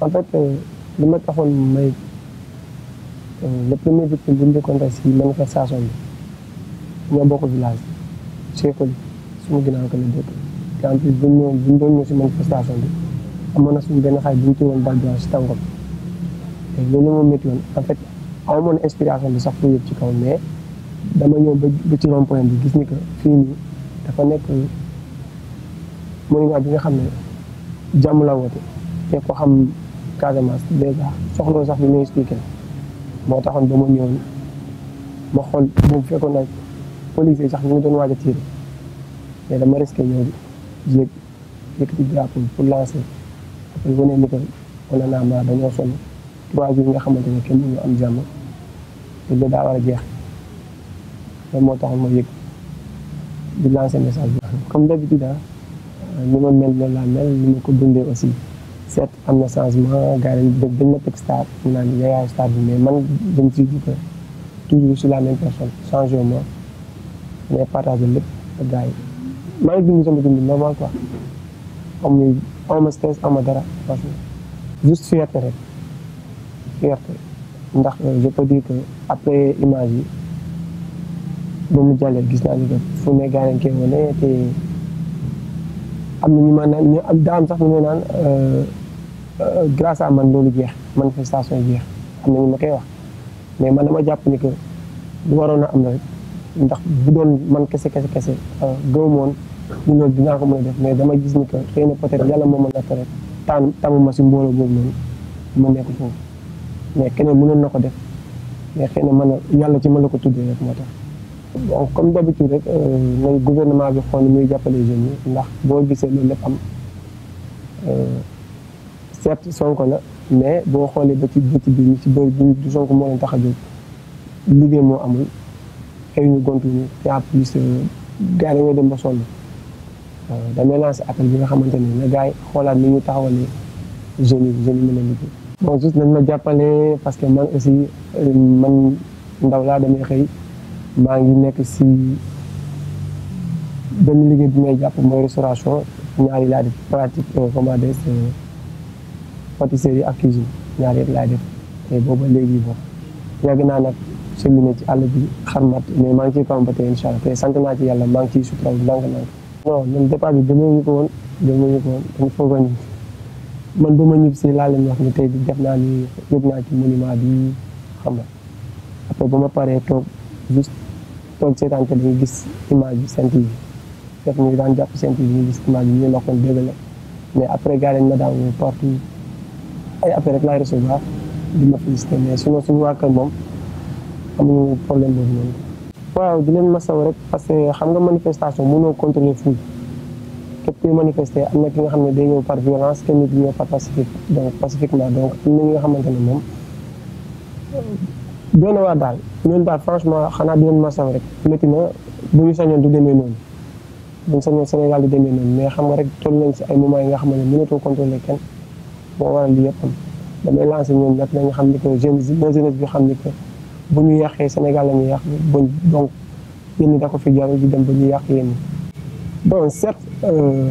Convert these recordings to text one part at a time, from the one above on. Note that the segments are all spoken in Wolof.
en fait euh, li ma taxoon may euh, le premier victime bu si manifestation bi ñoo bokk village Cheikhouli suma ginnaaw ko la dëkk te en plus bu ñu bu ñu si manifestation bi amoon na suñu benn xarit bu ñu tuwoon Badja si tàngoor te loolu moo métti woon en fait amoon ci kaw mais dama ñëw ba ba ci rond bi gis ni que fii nii dafa nekk monument bi nga xam ne jàmm la te ko xam. Casamance dèjà soxloo sax bi ñu expliqué moo taxoon ba ma ñëwoon ma xool boobu fekkoon na policier sax ñu ngi doon waaj a tiir mais dama risqué ñëw di yëg yëkkati drapeau pour lancer après wane ni que wane naa ma dañoo sonn trois jours nga xamante ne kenn mënu am jàmm te loolu daa war a jeex loolu moo taxoon ma yëg di lancer message bi. comme d'habitude ah ni ma mel noonu laa mel ni ma ko dundee aussi. certes am na changement gars yi dañ dañ ma teg star ñu naan di yaay star bi mais man dañ siy gis que toujours sur la même personne changé wu ma mais partagé lépp ak gars yi maa ngi dund sama dund normal quoi amuñu amuma stress amuma dara parce que juste fierté rek fierté ndax euh, je peux dire que après image yi ba mu jàllee gis naa ni que fu ne gars yi dañ koy wane te. am na ñu ma naan ni am daa am sax ñu may naan euh, euh, grâce à man loolu jeex manifestation jeex am na ñu ma koy wax mais man dama jàpp ni que lu waroon a am rek ndax bu doon man kese kese kese euh, gëw moon ñu loolu dinaa ko mën a def mais dama gis ni que xëy na peut-être yàlla moo ma nekk rek tànn tàmmuma si mbooloo boobu noonu nekk foofu mais keneen mënoon na ko def mais xëy na man yàlla ci ma la ko tuddee rek moo tax bon comme d'habitude rek nay euh, gouvernement bi xool ni muy jàppalee jeunes ndax boo gisee loolu lépp am euh, Sonko la mais boo xoolee ba bi ñu ci bëri duñ moo leen tax a jóg liggéey moo amul xëy ñu gontu ñu yaa plus euh, gars dañoo dem ba sonn damay lance appel bi nga xamante ni na gars yi xoolaat ni ñu taxawalee jeunes yi jeunes yi mën a liggéey bon juste nañ ma jàppale parce que man aussi man ndaw laa damay xëy maa ngi nekk si benn liggéey bi may jàpp mooy restauration ñaari laa def pratique commandé euh, pâtisserie ak cuisine ñaari rek laay def te booba léegi bon yàgg naa nag cheminé ci àll bi xarmat mais maa ngi ciy combatté incha allah te sant naa ci yàlla maa ngi ciy sutural ndànk-ndànk. non ñun départ bi ko woon demee ñu a man ba ma ñib si laa leen ne tey def naa ni yëg naa ci monument bi xam nga après ba ma paree toog toog seetaan te dañuy gis image bi Sen TV def ñu daan jàpp Sen TV ñu gis image bi ñu nekkoon dégg la mais après gars dañ ma daan woo partout ay appel rek laay recevoir di ma félicité mais sinon suñu waa kër moom amuñu problème boobu noonu. waaw di leen masaw rek parce que xam nga manifestation mënoo contrôler ful képp kuy manifester am na ki nga xam ne day ñëw par violence kenn nit ñëw par pacifique donc pacifiquement donc am na ñi nga xamante ne moom. doy na daal ñun daal franchement xanaa di leen masaw rek métti na bu ñu sañoon du demee noonu buñ sañoon Sénégal du demee noonu mais xam nga rek toll nañ si ay moments yi nga xam ne mënatoo contrôler kenn moo waral li yëpp am damay lancé ñoom nag nañu xam ni que jeunesse ba jeunesse bi xam ni que bu ñu yàqee Sénégal la ñu yàq buñ donc yéen ñi da ko fi jarul di dem ba ñu yàq yéen ñi bon certes euh,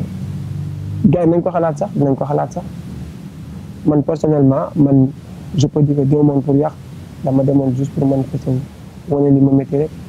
gars nañ ko xalaat sax dinañ ko xalaat sax man personnellement man je peux dire que deux pour yàq dama demoon juste pour manifester wane ni ma métti rek